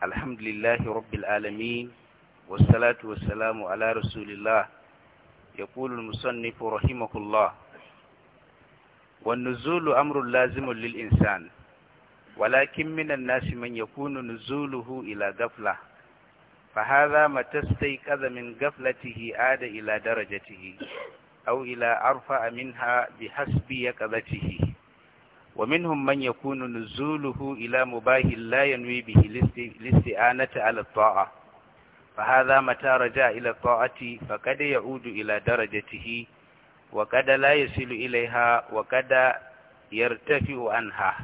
alhamdulillahi rabbil alamin wassalatu wassalamu ala rasulillah yaqulu al-musannif rahimakumullah wan nuzulu amrun lazimun lil insan walakin minan nasi man yakunu nuzuluhu ila gafla. fa hadha ma tastayqadha min ghaflatihi ada ila darajatihi au ila arfa minha bihasbi yaqadatihi ومنهم من يكون نزوله إلى مباه لا ينوي به الاستعانة على الطاعة فهذا متى رجع إلى الطاعة فقد يعود إلى درجته وقد لا يصل إليها وقد يرتفع عنها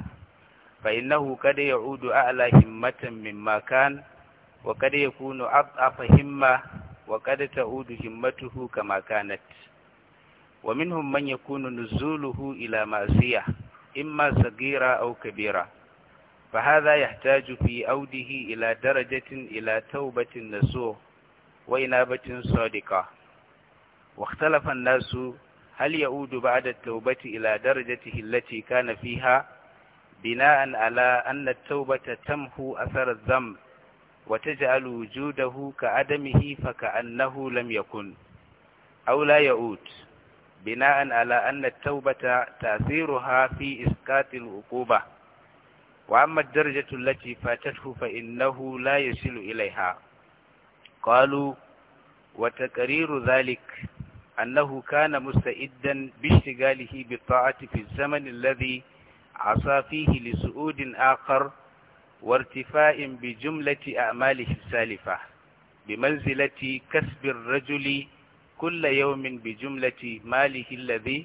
فإنه قد يعود أعلى همة مما كان وقد يكون أضعف همة وقد تعود همته كما كانت ومنهم من يكون نزوله إلى معصية إما صغيرة أو كبيرة فهذا يحتاج في أوده إلى درجة إلى توبة نسوه وإنابة صادقة واختلف الناس هل يعود بعد التوبة إلى درجته التي كان فيها بناء على أن التوبة تمحو أثر الذنب وتجعل وجوده كعدمه فكأنه لم يكن أو لا يعود بناء على أن التوبة تأثيرها في إسقاط العقوبة وأما الدرجة التي فاتته فإنه لا يصل إليها قالوا وتكرير ذلك أنه كان مستئدا باشتغاله بالطاعة في الزمن الذي عصى فيه لسؤود آخر وارتفاء بجملة أعماله السالفة بمنزلة كسب الرجل كل يوم بجملة ماله الذي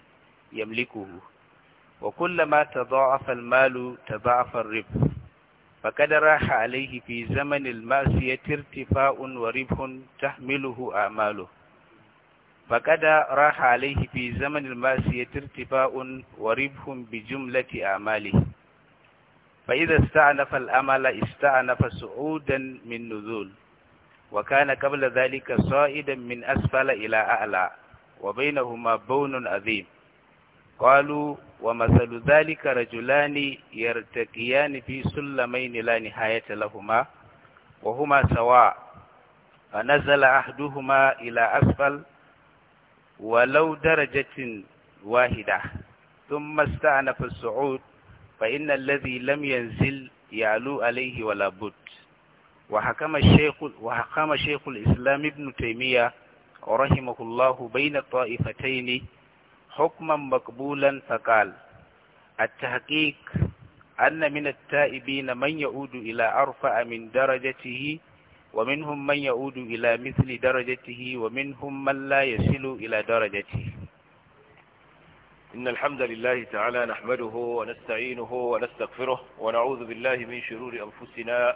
يملكه وكلما تضاعف المال تضاعف الربح فقد راح عليه في زمن المعصية ارتفاع وربح تحمله أعماله فقد راح عليه في زمن المعصية ارتفاع وربح بجملة أعماله فإذا استعنف الأمل استعنف صعودا من نزول wakana kabla qabla dhalika sa'idan min asfala ila a'la wa bainahuma bawnun azim qalu wa masalu dhalika rajulani yartaqiyani fi sullamayn la nihayata lahumā wa huma sawā fa nazala ahduhuma ila asfal walau darajatin wahida thumma ista'nafa as-su'ud fa inna alladhi lam yanzil ya'lu alayhi wala budd وحكم الشيخ, وحكم شيخ الإسلام ابن تيمية رحمه الله بين الطائفتين حكما مقبولا فقال التحقيق أن من التائبين من يعود إلى أرفع من درجته ومنهم من يعود إلى مثل درجته ومنهم من لا يصل إلى درجته إن الحمد لله تعالى نحمده ونستعينه ونستغفره ونعوذ بالله من شرور أنفسنا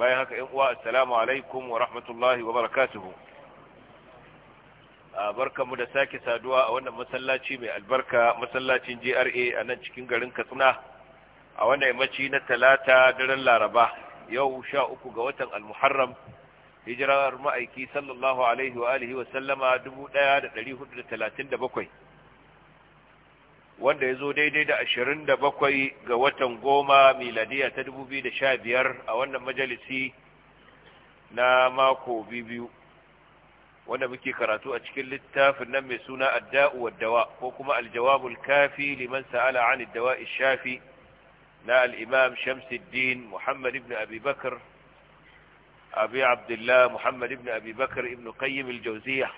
bayan haka yan uwa assalamu alaikum wa rahmatullahi wa barakatuhu barkamu da sake saduwa a wannan masallaci mai albarka masallacin GRA a nan cikin garin Katsina a wannan yammaci na talata daren Laraba yau sha uku ga watan Al-Muharram hijirar ma'aiki sallallahu alaihi wa alihi wa sallama 1437 wanda ya zo daidai da ashirin da bakwai ga watan goma miladiya ta dubu biyu da sha biyar a wannan majalisi na mako biyu wanda muke karatu a cikin littafin nan mai suna adda'u waddawa ko kuma aljawabul kafi liman sa'ala an dawa ishafi na al'imam shamsuddin muhammad ibn abi abu abi abdullah muhammad ibn abi ibn qayyim al-jawziyah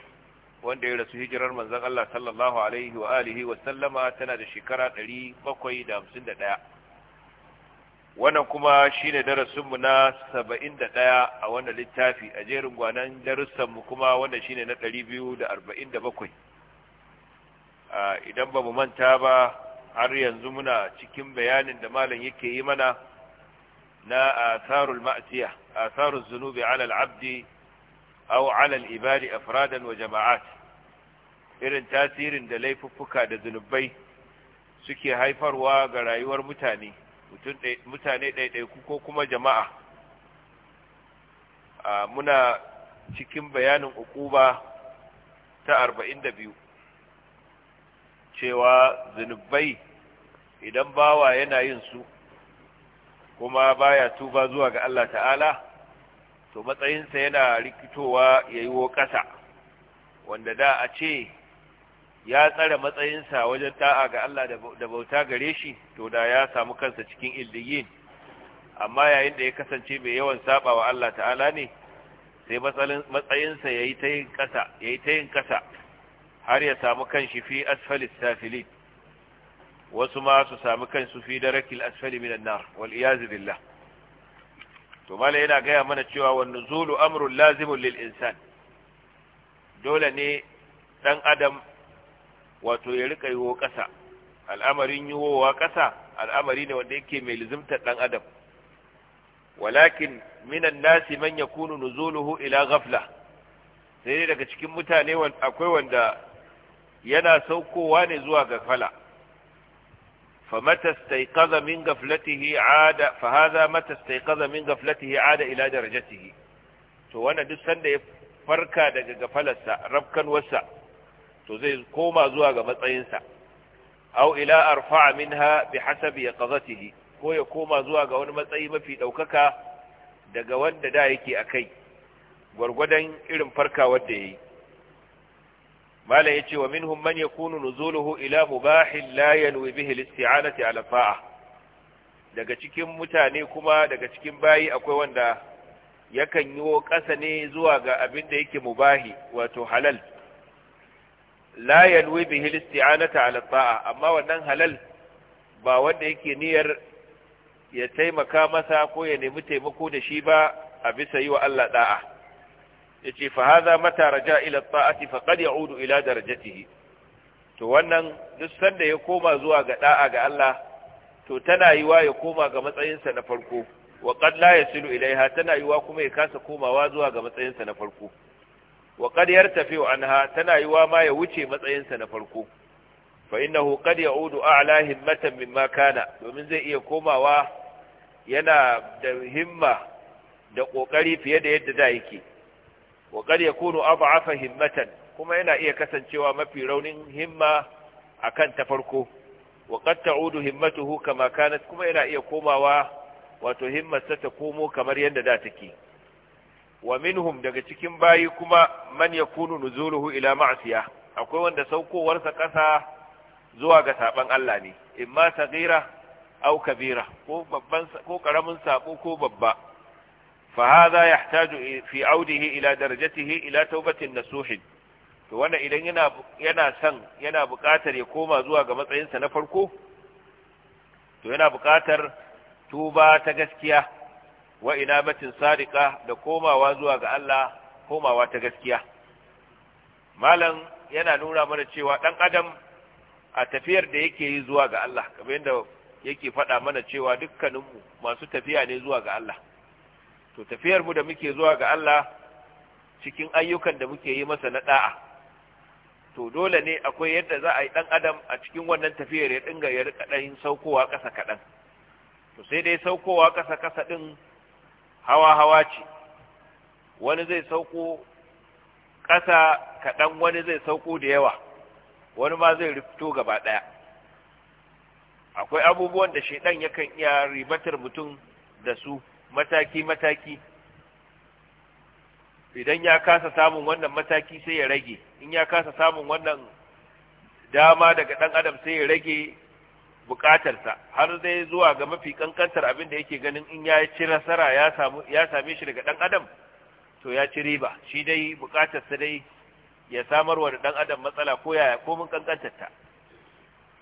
wanda ya rasu hijirar manzon Allah sallallahu alaihi wa alihi wa sallama tana da shekara 751 wannan kuma shine darasin mu na 71 a wannan littafi a jerin gwanan darussanmu mu kuma wannan shine na 247 idan ba mu manta ba har yanzu muna cikin bayanin da malam yake yi mana na asarul ma'siya asarul zunubi ala al-abdi aw ala ibadi afradan wa jama'at irin tasirin da laifuffuka da zunubai suke haifarwa ga rayuwar mutane mutane ko kuma jama'a A muna cikin bayanin ukuba ta arba'in da biyu cewa zunubai idan bawa yana yin su kuma baya tuba zuwa ga Allah ta'ala to matsayinsa yana rikitowa ya yi ƙasa wanda da a ce ya tsara matsayinsa wajen ta'a ga Allah da bauta gare shi to da ya samu kansa cikin illiyin amma yayin da ya kasance mai yawan saba Allah ta'ala ne sai matsayinsa ya yi ta yin ƙasa ta yin ƙasa har ya samu kan shi fi asfalis safili wasu ma su samu kan su fi darakil asfali minan nar wal iyazu billah to mala yana gaya mana cewa wa nuzulu Amurin lazimun lil dole ne dan adam wato ya rika yiwo ƙasa al'amarin yiwowa ƙasa al'amari ne wanda yake mai lizimtar dan adam walakin minan nasi man yakunu nuzuluhu ila ghafla sai daga cikin mutane akwai wanda yana saukowa ne zuwa gafala. fala فمتى استيقظ من غفلته عاد فهذا متى استيقظ من غفلته عاد الى درجته to wannan duk sanda ya farka daga gafalarsa wasa to zai koma zuwa ga sa aw ila arfa'a minha bihasabi yaqazatihi ko ya koma zuwa ga wani matsayi mafi daukaka daga wanda da yake akai gwargwadon irin farka wanda yayi mala yace wa minhum man yakunu nuzuluhu ila mubahin la yanwi bihi al-isti'anati daga cikin mutane kuma daga cikin bayi akwai wanda yakan yi kasa ne zuwa ga abin da yake mubahi wato halal la yanwi bihi al-isti'anata ala amma wannan halal ba wanda yake niyyar ya taimaka masa ko ya nemi taimako da shi ba a bisa yi wa Allah da'a yace fa hadha mata raja ila ta'ati faqad ya'udu ila darajatihi to wannan duk sanda ya koma zuwa ga da'a ga Allah to tana yiwa ya koma ga matsayinsa na farko wa qad la yasilu ilaiha tana yiwa kuma ya kasa komawa zuwa ga matsayinsa na farko wa qad yartafi anha tana yiwa ma ya wuce matsayinsa na farko fa innahu qad ya'udu a'la himmatan mimma kana domin zai iya komawa yana da himma da kokari fiye da yadda da yake wa kad yakunu ad'afa himmatan kuma yana iya kasancewa mafi raunin himma akan ta farko wa kad ta'udu himmatuhu kama kanat kuma yana iya komawa wato sa ta komo kamar yadda da take wa minhum daga cikin bayi kuma man yakunu nuzuluhu ila ma'siya akwai wanda saukowar sa kasa zuwa ga saban Allah ne imma saghira aw kabira ko babban ko karamin sabo ko babba فهذا يحتاج في عوده إلى درجته إلى توبة نسوح to wannan idan yana yana son yana buƙatar ya koma zuwa ga sa na farko to yana buƙatar tuba ta gaskiya wa inabatin sadiqa da komawa zuwa ga Allah komawa ta gaskiya malam yana nuna mana cewa dan adam a tafiyar da yake yi zuwa ga Allah kamar yadda yake faɗa mana cewa dukkaninmu masu tafiya ne zuwa ga Allah to tafiyar mu da muke zuwa ga Allah cikin ayyukan da muke yi masa na da'a to dole ne akwai yadda za a yi dan adam a cikin wannan tafiyar ya dinga ya rika dan saukowa kasa kadan to sai dai saukowa kasa kasa din hawa hawa ce wani zai sauko kasa kadan wani zai sauko da yawa wani ma zai rifto gaba daya akwai abubuwan da shedan yakan iya ribatar mutum da su mataki mataki idan ya kasa samun wannan mataki sai ya rage in ya kasa samun wannan dama daga ɗan adam sai ya rage bukatarsa har zai zuwa ga mafi kankantar abin da yake ganin in ya ci nasara ya same shi daga ɗan adam to ya ci riba shi dai bukatarsa dai ya samarwa da ɗan adam matsala ko yaya ko mun kankantar ta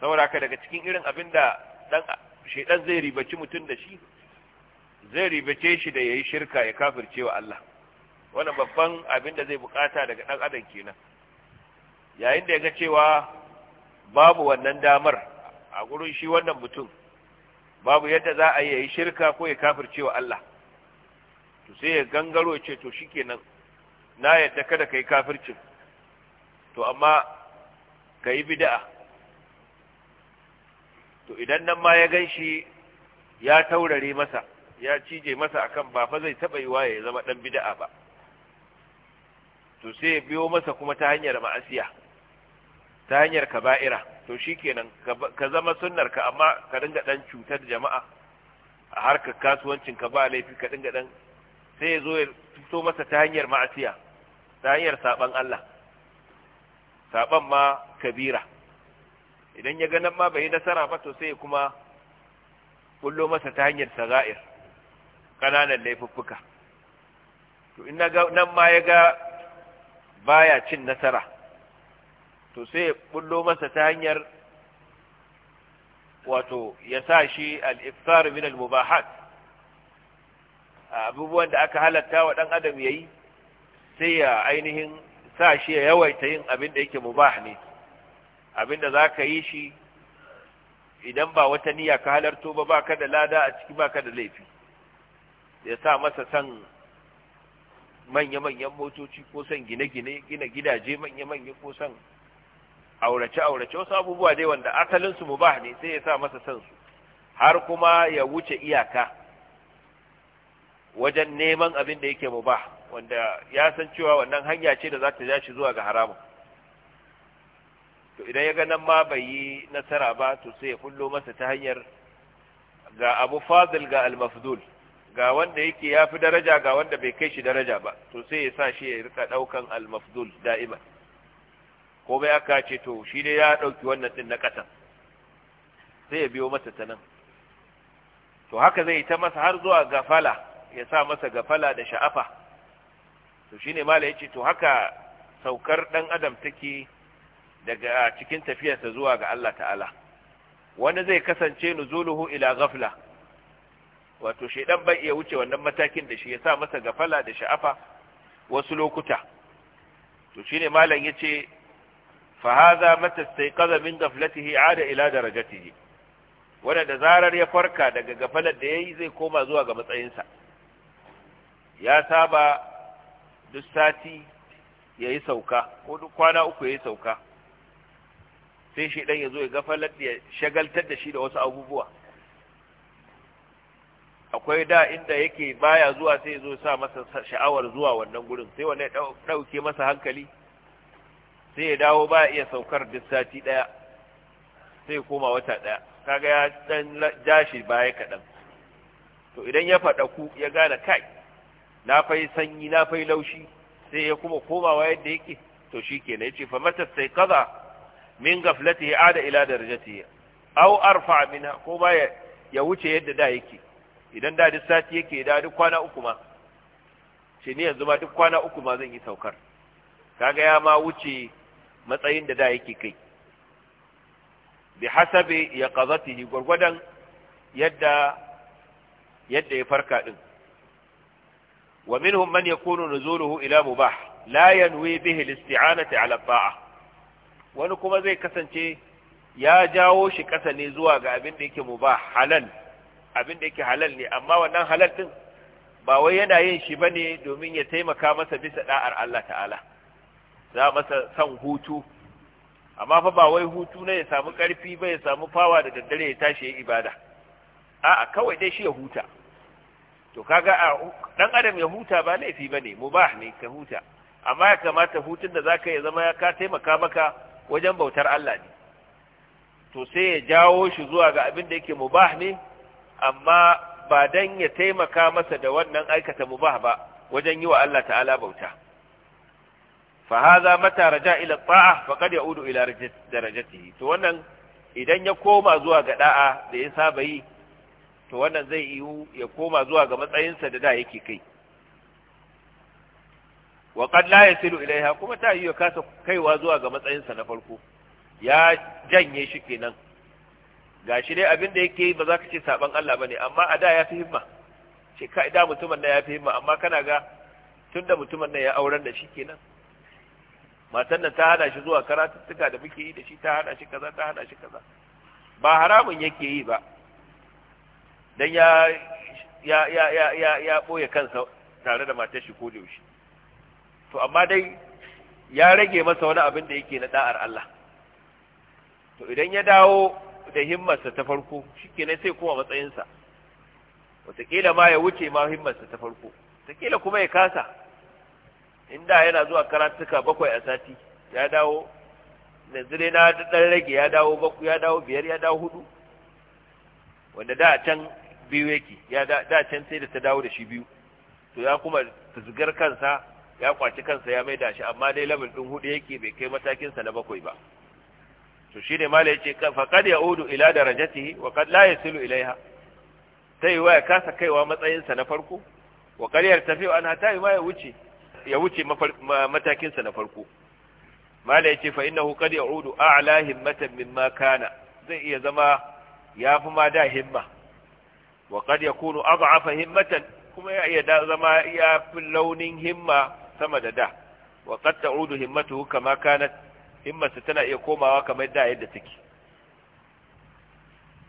saboda ka daga cikin irin abin da dan shedan zai ribaci mutum da shi zai ribace shi da yayi shirka ya kafirce wa Allah wannan babban abin da zai bukata daga ɗan adam kenan yayin da ya ga cewa babu wannan damar a gurin shi wannan mutum babu yadda za a yi yayi shirka ko ya kafirce wa Allah to sai ya gangaro ce to shikenan na yadda kada kai kafircin to amma kai bid'a to idan nan ma ya ganshi ya taurare masa ya cije masa akan ba fa zai taba yiwa ya zama dan bid'a ba to sai ya biyo masa kuma ta hanyar ma'asiya ta hanyar kaba'ira to shikenan ka zama sunnar ka amma ka dinga dan cutar jama'a a harkar kasuwancin ka ba laifi ka dinga dan sai ya zo ya fito masa ta hanyar ma'asiya ta hanyar saban Allah saban ma kabira idan ya ganin ma bai nasara ba to sai kuma kullo masa ta hanyar saga'ir ƙananan laifuffuka to in nan ma ya ga baya cin nasara to sai ya bullo masa ta hanyar wato ya sa shi al-iftar min al-mubahat abubuwan da aka halatta wa dan adam yayi sai ya ainihin sa shi ya yawaita yin abin da yake mubah ne abin da zaka yi shi idan ba wata niyya ka halarto ba baka da lada a ciki baka da laifi ya sa masa san manya-manyan motoci ko son gine-gine gina gidaje manya-manya ko son aurace-aurace wasu abubuwa dai wanda asalinsu mu ba ne sai ya sa masa san su har kuma ya wuce iyaka wajen neman abin da yake mu ba wanda ya san cewa wannan hanya ce da za ta shi zuwa ga haramun to idan ya ga nan ma bai yi nasara ba to sai ya kullo masa ta hanyar ga abu fazil ga al ga wanda yake ya fi daraja ga wanda bai kai shi daraja ba to sai ya sa shi ya rika ɗaukan mafdul da'ima ko bai aka ce to shi dai ya ɗauki wannan din na kasa sai ya biyo masa ta nan to haka zai ta masa har zuwa gafala ya sa masa gafala da sha'afa to shi ne mala ya ce to haka saukar ɗan adam take daga cikin tafiyarsa zuwa ga Allah ta'ala wani zai kasance nuzuluhu ila ghafla wato shaidan bai iya wuce wannan matakin da shi ya sa masa gafala da sha'afa wasu lokuta to shine malam yace fa hadha mata istayqaza min ghaflatihi ada ila darajatihi wanda da zarar ya farka daga gafalar da yayi zai koma zuwa ga matsayinsa ya saba duk sati yayi sauka ko duk kwana uku yayi sauka sai shi dan yazo ya gafalar ya shagaltar da shi da wasu abubuwa akwai da inda yake baya zuwa sai zo sa masa sha'awar zuwa wannan gurin sai wanda ya dauke masa hankali sai ya dawo ba iya saukar duk sati daya sai ya koma wata daya kaga ya dan jashi baya kadan to idan ya fada ku ya gane kai na fai sanyi na fai laushi sai ya kuma komawa yadda yake to shikenan yace fa mata sai kaza min gaflatihi ada ila darajatihi aw arfa minha ko ba ya wuce yadda da yake idan da duk sati yake da duk kwana uku ma ce ni yanzu ma duk kwana uku ma zan yi saukar kaga ya ma wuce matsayin da da yake kai bi hasabi ya qazatihi gurgudan yadda yadda ya farka din wa minhum man yakunu nuzuluhu ila mubah la yanwi bihi al-isti'anati ala ta'a wani kuma zai kasance ya jawo shi kasa ne zuwa ga abin da yake mubah halal abin da yake halal ne amma wannan halal din ba wai yana yin shi bane domin ya taimaka masa bisa da'ar Allah ta'ala za masa san hutu amma fa ba wai hutu ne ya samu karfi ba ya samu fawa da daddare ya tashi ya ibada a'a kawai dai shi ya huta to kaga dan adam ya huta ba laifi bane mubah ne ka huta amma ya kamata hutun da zaka ya zama ya ka taimaka maka wajen bautar Allah ne to sai ya jawo shi zuwa ga abin da yake mubah ne amma ba dan ya taimaka masa da wannan aikata mubah ba wajen yi wa Allah ta'ala bauta fa hadha mata raja ila ta'a faqad ya'udu ila darajatihi to wannan idan ya koma zuwa ga da'a da ya saba yi to wannan zai yiwu ya koma zuwa ga matsayinsa da da yake kai wa kad la yasilu ilaiha kuma ta yi ya kasa kaiwa zuwa ga matsayinsa na farko ya janye shi kenan gashi dai abin da yake yi ba za ka ce saban Allah bane amma a da ya fi himma ce ka mutumin nan ya fi himma amma kana ga tun da mutumin nan ya auren da shi kenan matan nan ta hana shi zuwa karatuttuka da muke yi da shi ta hana shi kaza ta hana shi kaza ba haramun yake yi ba dan ya ya ya ya ya ya boye kansa tare da matar shi ko da yaushe to amma dai ya rage masa wani abin da yake na da'ar Allah to idan ya dawo da himmarsa ta farko shikenan sai kuma matsayinsa wataƙila ma ya wuce ma himmarsa ta farko wataƙila kuma ya kasa inda yana zuwa karatuka bakwai a sati ya dawo yanzu dai na ɗan rage ya dawo baku ya dawo biyar ya dawo hudu wanda da can biyu yake ya da can sai da ta dawo da shi biyu to ya kuma fuzgar kansa ya kwaci kansa ya maida shi amma dai level din hudu yake bai kai matakinsa na bakwai ba to shi shine mala yace fa ya udu ila darajatihi wa kad la yasilu ilaiha sai wa ya kasa kaiwa matsayin sa na farko wa kad yartafi an hata ma ya wuce ya wuce matakin sa na farko mala yace fa innahu kad yaudu a'la himmatan mimma kana zai iya zama ya fi ma da himma wa kad yakunu ad'afa himmatan kuma ya iya zama ya launin himma sama da da wa kad ta'udu himmatuhu kama kanat himmarsa tana iya komawa kamar da yadda take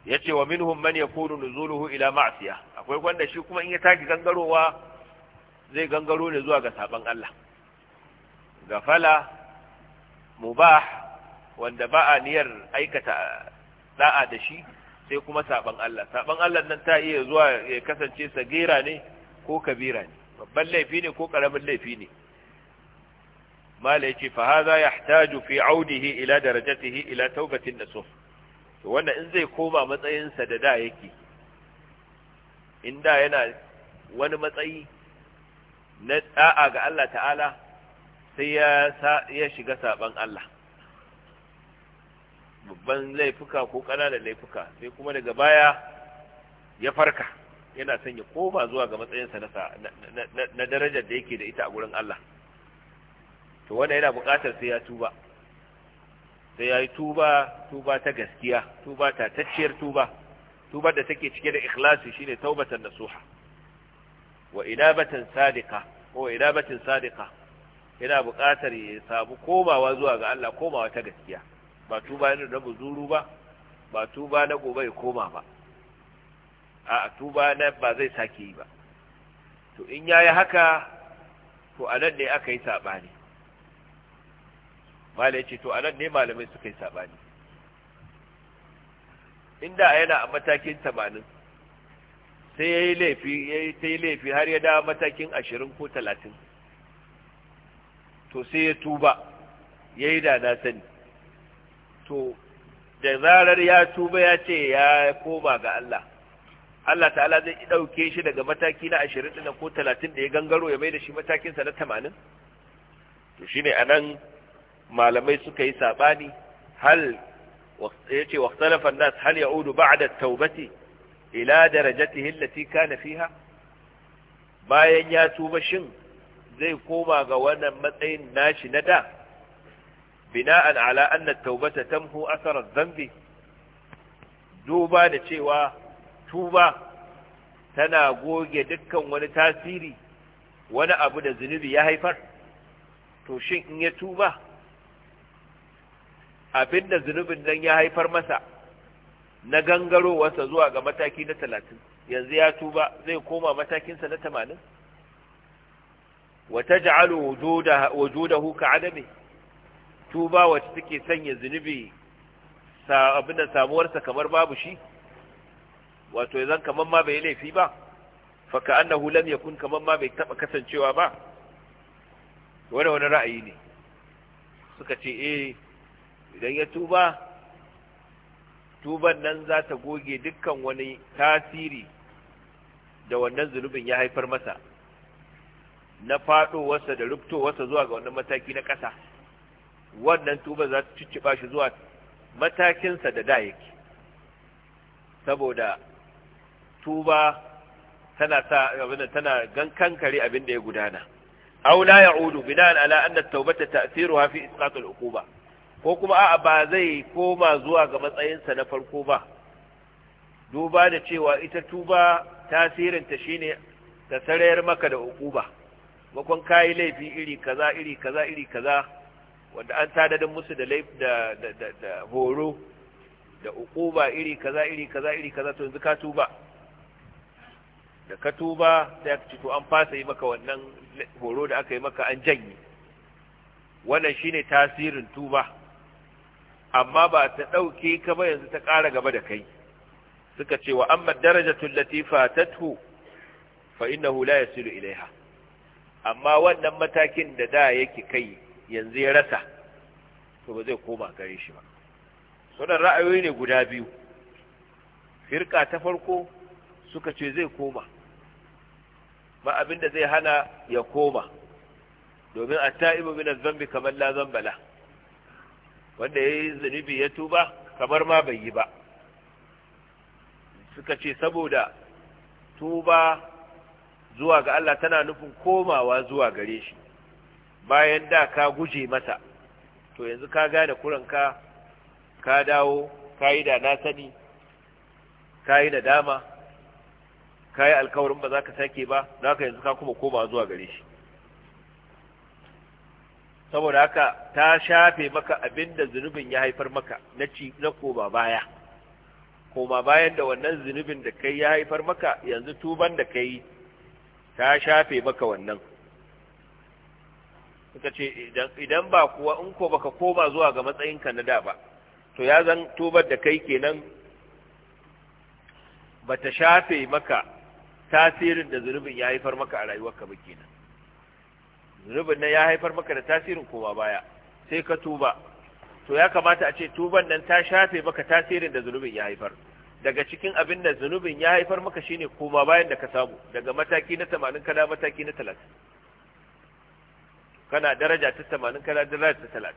yace wa minhum man yakunu nuzuluhu ila ma'siyah akwai wanda shi kuma in ya taki gangarowa zai gangaro ne zuwa ga saban Allah gafala mubah wanda ba a niyyar aikata da'a da shi sai kuma saban Allah saban Allah nan ta iya zuwa ya kasance sagira ne ko kabira ne babban laifi ne ko karamin laifi ne mala yace fa hadha yahtaju fi audihi ila darajatihi ila taubatin nasuh to wannan in zai koma matsayin sa da da yake in da yana wani matsayi na da'a ga Allah ta'ala sai ya ya shiga saban Allah babban laifuka ko ƙananan laifuka sai kuma daga baya ya farka yana so ya koma zuwa ga matsayinsa na darajar da yake da ita a gurin Allah to wanda yana buƙatar sai ya tuba sai ya yi tuba tuba ta gaskiya tuba ta tacciyar tuba tubar da take cike da ikhlasi shine taubatan nasuha wa inabatan sadiqa ko inabatin sadiqa yana buƙatar ya samu komawa zuwa ga Allah komawa ta gaskiya ba tuba ne da buzuru ba ba tuba na gobe ya koma ba a tuba na ba zai sake yi ba to in yayi haka to anan ne aka yi sabani malai ce to anan ne malamai suka yi saɓani inda yana a matakin tamanin sai ya yi laifi ya yi laifi har ya dawo matakin ashirin ko talatin to sai ya tuba ya yi da na sani to da zarar ya tuba ya ce ya koma ga Allah Allah ta'ala zai ɗauke shi daga mataki na ashirin ko talatin da ya gangaro ya mai da shi matakinsa na tamanin to shi ne a nan malamai suka yi saɓani hal yace ce an-nas hal udu ba'da da taubati ila darajatihi allati kana fiha bayan ya tuba shin zai koma ga wannan matsayin nashi na da bina'an ala anna taubata tamhu asarar zambi duba da cewa tuba tana goge dukkan wani tasiri wani abu da zunubi ya haifar to shin in ya tuba abinda zunubin nan ya haifar masa na gangarowarsa zuwa ga mataki na talatin yanzu ya tuba zai koma matakinsa na tamanin wata ja'alu da huka adami tuba wacce take sanya zunubi abinda samuwarsa kamar babu shi wato yanzu kamar ma bai laifi ba an na annahu ya kun kamar ma bai taba kasancewa ba wani wani ra'ayi ne suka ce eh idan ya tuba tuban nan za ta goge dukkan wani tasiri da wannan zunubin ya haifar masa na faɗowarsa da rubtowarsa zuwa ga wannan mataki na ƙasa wannan tuba za ta cicciɓa shi zuwa matakinsa da da yake saboda tuba tana sa abin tana gankan kare abin ya gudana aw la ya'udu bina'an ala anna at-taubata ta'thiruha fi isqat al-uquba ko kuma a'a ba zai koma zuwa ga matsayinsa na farko ba duba da cewa ita tuba tasirinta shine ta sarayar maka da uquba bakon kayi laifi iri kaza iri kaza iri kaza wanda an tadadin musu da da da da horo da uquba iri kaza iri kaza iri kaza to yanzu ka tuba da ka tuba sai ka ci to an fasa yi maka wannan horo da aka yi maka an janye wannan shine tasirin tuba amma ba ta ɗauke ka ba yanzu ta ƙara gaba da kai suka ce wa amma darajatul latifa tathu fa innahu la yasilu ilaiha amma wannan matakin da da yake kai yanzu ya rasa to ba zai koma gare shi ba sunan ra'ayoyi ne guda biyu firka ta farko suka ce zai koma ba abinda zai hana ya koma domin a ta'ibu min zambi kamar la zambala wanda ya yi zunubi ya tuba kamar ma bai yi ba suka ce saboda tuba zuwa ga Allah tana nufin komawa zuwa gare shi bayan da ka guje masa to yanzu ka gane kuranka ka dawo ka yi da na sani ka yi nadama ka yi alkawarin ba za ka sake ba za ka yanzu ka kuma komawa zuwa gare shi saboda haka ta shafe maka abinda zunubin ya haifar maka na ci na koma baya koma bayan da wannan zunubin da kai ya haifar maka yanzu tuban da kai ta shafe maka wannan suka ce idan ba kuwa in ko baka koma zuwa ga matsayinka na da ba to ya zan tubar da kai kenan ba ta shafe maka tasirin da zunubin ya haifar maka a rayuwarka ba kenan zunubin nan ya haifar maka da tasirin kowa baya sai ka tuba to ya kamata a ce tuban nan ta shafe maka tasirin da zunubin ya haifar daga cikin abin da zunubin ya haifar maka shine koma bayan da ka samu daga mataki na 80 kana mataki na 30 kana daraja ta 80 kana daraja ta 30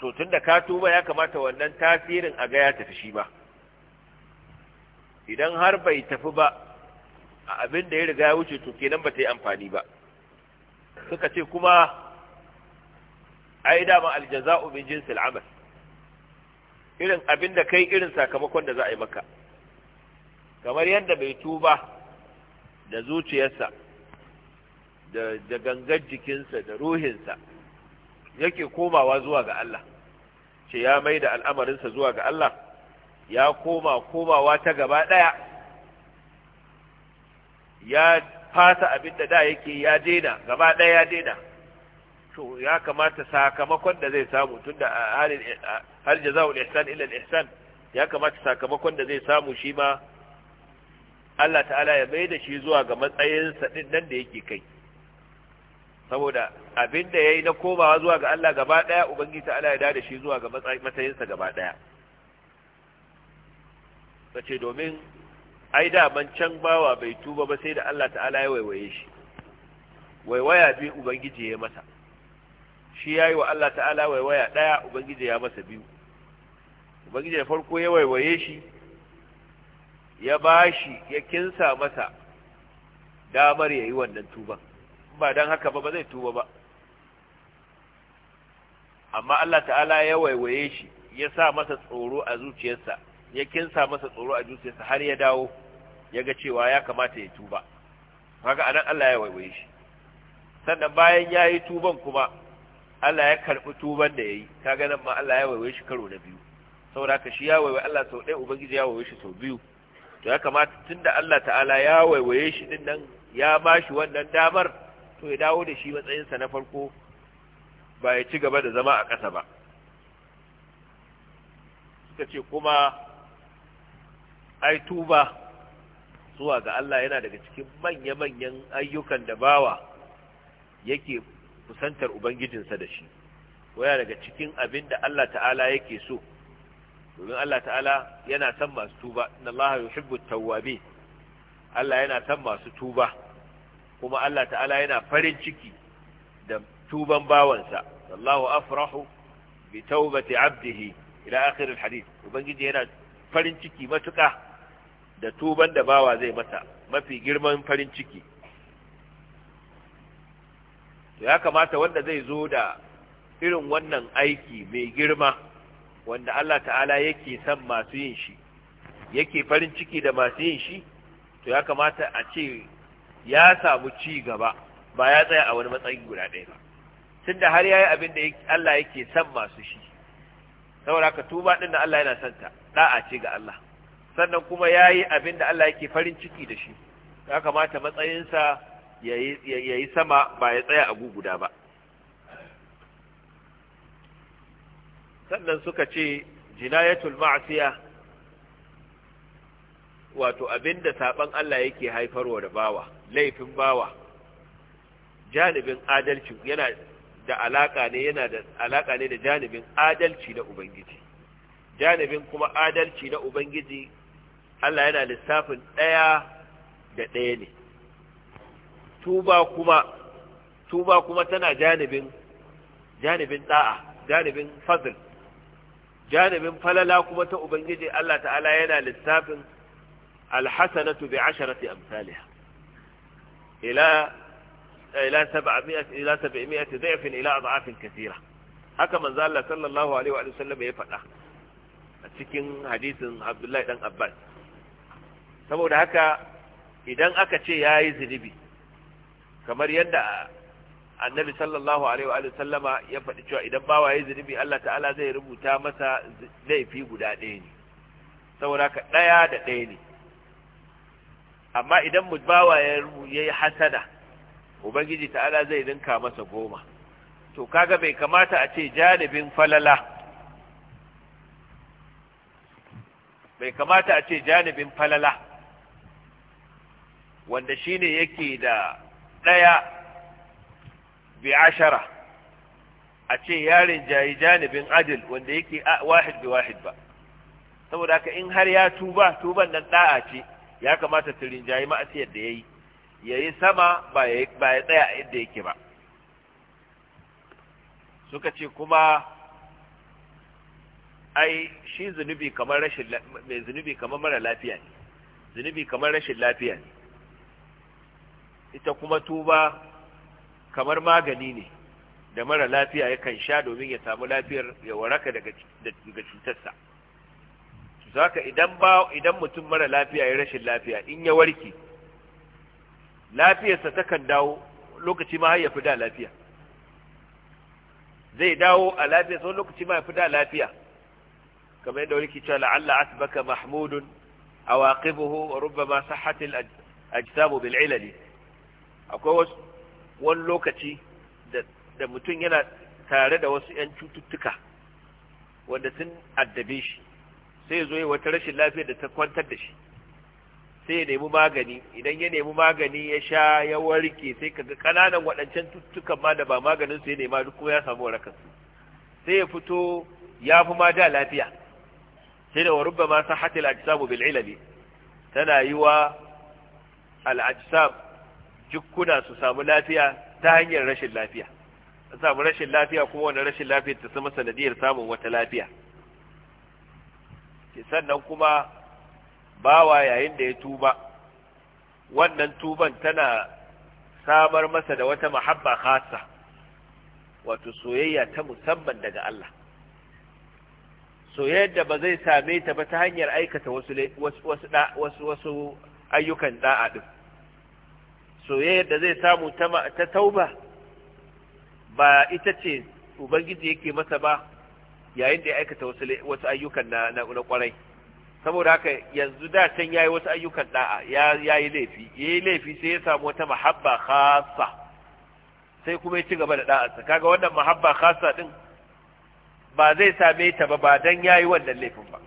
to tunda ka tuba ya kamata wannan tasirin a ga ya tafi shi ba idan har bai tafi ba a abin da ya riga ya wuce to kenan ba ta yi amfani ba suka ce kuma ai dama aljaza'u min jinsil amal irin abin da kai irin sakamakon da za a yi maka kamar yadda bai tuba da zuciyarsa da gangar jikinsa da ruhinsa yake komawa zuwa ga Allah ce ya mai da al'amarinsa zuwa ga Allah ya koma komawa ta gaba ɗaya ya fasa abin da da yake ya daina gaba ɗaya ya daina to ya kamata sakamakon da zai samu tunda a hal jaza'ul ihsan illa ihsan ya kamata sakamakon da zai samu shi ma Allah ta'ala ya bai da shi zuwa ga matsayinsa din nan da yake kai saboda abin da ya yi na komawa zuwa ga Allah gaba ɗaya Ubangiji ta'ala ya da shi zuwa ga matsayinsa gaba ɗaya. Sace domin ai da ban can bawa bai tuba ba sai da Allah ta'ala ya waiwaye shi waiwaya biyu ubangiji ya masa shi yayi wa Allah ta'ala waiwaya daya ubangiji ya masa biyu ubangiji da farko ya waiwaye shi ya bashi ya kinsa masa damar yayi wannan tuban ba dan haka ba ba zai tuba ba amma Allah ta'ala ya waiwaye shi ya sa masa tsoro a zuciyarsa ya kinsa masa tsoro a zuciyarsa har ya dawo ya ga cewa ya kamata ya tuba haka anan Allah ya waiwaye shi sannan bayan ya yi tuban kuma Allah ya karɓi tuban da ya yi kaga nan ma Allah ya waiwaye shi karo na biyu saboda haka shi ya waiwaye Allah sau ɗaya ubangiji ya waiwaye shi sau biyu to ya kamata tunda Allah ta'ala ya waiwaye shi din nan ya ba shi wannan damar to ya dawo da shi matsayinsa na farko ba ya ci gaba da zama a ƙasa ba suka ce kuma ai tuba zuwa ga Allah yana daga cikin manya-manyan ayyukan da bawa yake kusantar ubangijinsa da shi waya daga cikin abin da Allah ta'ala yake so domin Allah ta'ala yana san masu tuba inna Allah yuhibbu tawwabi Allah yana san masu tuba kuma Allah ta'ala yana farin ciki da tuban bawansa Allahu afrahu bi tawbati abdihi ila akhir alhadith ubangiji yana farin ciki matuƙa da tuban da bawa zai mata mafi girman farin ciki ya kamata wanda zai zo da irin wannan aiki mai girma wanda Allah ta'ala yake son masu yin shi yake farin ciki da masu yin shi to ya kamata a ce ya samu ci gaba ba ya tsaya a wani matsayi guda ɗaya ba Tunda har ya yi abin da Allah yake san masu shi saboda ka tuba ɗin da Allah yana santa ta ɗa'a ce ga Allah sannan kuma ya yi abin da Allah yake farin ciki da shi ya kamata matsayinsa ya yi sama ba ya tsaya a guguda ba sannan suka ce jinayatul ma'asiya wato abin da saɓan Allah yake haifarwa da bawa laifin bawa janibin adalci yana da alaƙa ne yana da alaƙa ne da janibin adalci na Ubangiji janibin kuma adalci na Ubangiji Allah yana lissafin ɗaya da ɗaya ne tuba kuma tuba kuma tana janibin janibin da'a janibin fadl janibin falala kuma ta ubangiji Allah ta'ala yana lissafin alhasanatu bi asharati amsalha ila ila 700 ila 700 da'f ila ad'af kathira haka manzo Allah sallallahu alaihi wa sallam ya faɗa a cikin hadisin Abdullahi dan Abbas saboda haka idan aka ce ya yi zunubi kamar yadda annabi sallallahu alaihi wa sallama ya faɗi cewa idan bawa ya yi zunubi Allah ta'ala zai rubuta masa laifi guda ɗaya ne saboda haka ɗaya da ɗaya ne amma idan mu bawa ya yi hasada ubangiji ta'ala zai ninka masa goma to kaga bai kamata a ce janibin falala bai kamata a ce janibin falala wanda shine yake da ɗaya bi ashara a ce yarin jayi janibin adil wanda yake wahid bi wahid ba saboda haka in har ya tuba tuban nan da'a ce ya kamata ta rinjayi ma'asiyar da yayi yayi sama ba ya tsaya inda yake ba suka ce kuma ai shi zunubi kamar rashin mai zunubi kamar mara lafiya ne zunubi kamar rashin lafiya ne ita kuma tuba kamar magani ne da mara lafiya ya kan sha domin ya samu lafiyar ya waraka daga cutarsa su haka idan idan mutum mara lafiya ya rashin lafiya in ya warke lafiyarsa ta kan dawo lokaci ma har ya fi da lafiya zai dawo a lafiya sau lokaci ma ya fi da lafiya kamar yadda wani cewa la'alla asbaka mahmudun a wa rubbama sahhatil ajsamu bil bil'ilali akwai wani lokaci da mutum yana tare da wasu 'yan cututtuka wanda sun addabe shi sai zo yi wata rashin lafiya da ta kwantar da shi sai ya nemi magani idan ya nemi magani ya sha ya warke sai kaga kananan waɗancan cututtukan ma da ba maganin su ya nema duk kuma ya samu warakar su sai ya fito ya fi ma da lafiya sai da warubba ma sahatil ajsamu bil ilmi tana yi al ajsam jukkuna su samu lafiya ta hanyar rashin lafiya ta samu rashin lafiya kuma wani rashin lafiyar ta sama sanadiyar samun wata lafiya sannan kuma bawa yayin da ya tuba wannan tuban tana samar masa da wata mahabba khasa wato soyayya ta musamman daga Allah soyayyar da ba zai same ta ba ta hanyar aikata wasu ayyukan da'a din soyayyar da zai samu ta tauba ba ita ce ubangiji yake masa ba yayin da ya aikata wasu ayyukan na na kwarai saboda haka yanzu da can yayi wasu ayyukan da'a ya yi laifi yayi laifi sai ya samu wata mahabba khassa sai kuma ya ci gaba da da'arsa kaga wannan mahabba khassa din ba zai same ta ba ba dan yayi wannan laifin ba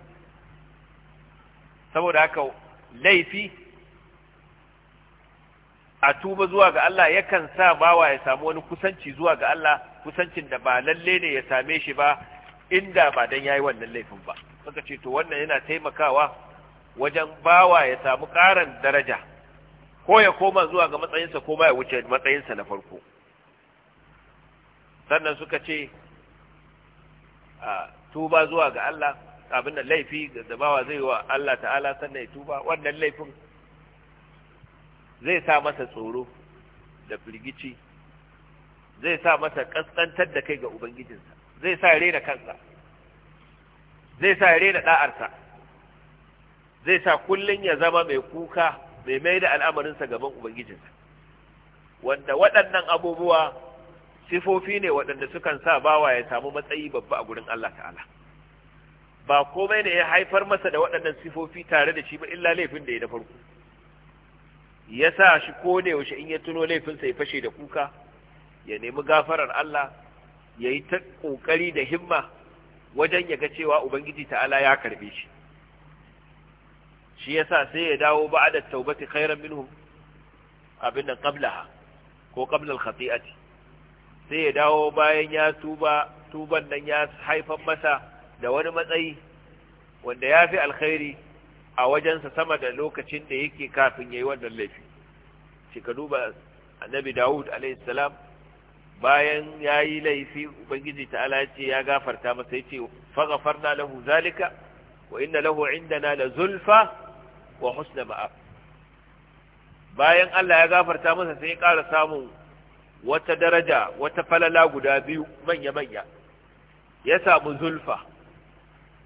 saboda haka laifi a tuba zuwa ga Allah yakan sa bawa ya samu wani kusanci zuwa ga Allah kusancin da ba lalle ne ya same shi ba inda ba dan yayi wannan laifin ba saka ce to wannan yana taimakawa wajen bawa ya samu ƙaran daraja ko ya koma zuwa ga matsayinsa ko ma ya wuce matsayinsa na farko sannan suka ce a tuba zuwa ga Allah abin laifi da bawa zai wa Allah ta'ala sannan ya tuba wannan laifin zai sa masa tsoro da firgici zai sa masa kaskantar da kai ga ubangijinsa zai sa rena kansa zai sa rena da'arsa zai sa kullum ya zama mai kuka mai mai da al'amarinsa gaban ubangijinsa wanda waɗannan abubuwa sifofi ne waɗanda sukan sa bawa ya samu matsayi babba a gurin Allah ta'ala ba komai ne ya haifar masa da waɗannan sifofi tare da shi ba illa laifin da ya na farko ya sa shi ko da yaushe in ya tuno laifinsa ya fashe da kuka ya nemi gafarar Allah ya yi ta ƙoƙari da himma wajen ya ga cewa Ubangiji ta'ala ya karbe shi shi ya sa sai ya dawo ba adad taubati khairan minhum abin da qablaha ko qablal khati'ati sai ya dawo bayan ya tuba tuban nan ya haifar masa da wani matsayi wanda ya fi alkhairi a wajensa sama da lokacin da yake kafin yayi wannan laifi shi ka duba annabi Dawud alaihi salam bayan yayi laifi ubangiji ta'ala ya ce ya gafarta masa yace faghfarna lahu zalika wa inna lahu indana la zulfa wa husna ma'a bayan Allah ya gafarta masa sai ya ƙara samun wata daraja wata falala guda biyu manya-manya ya samu zulfa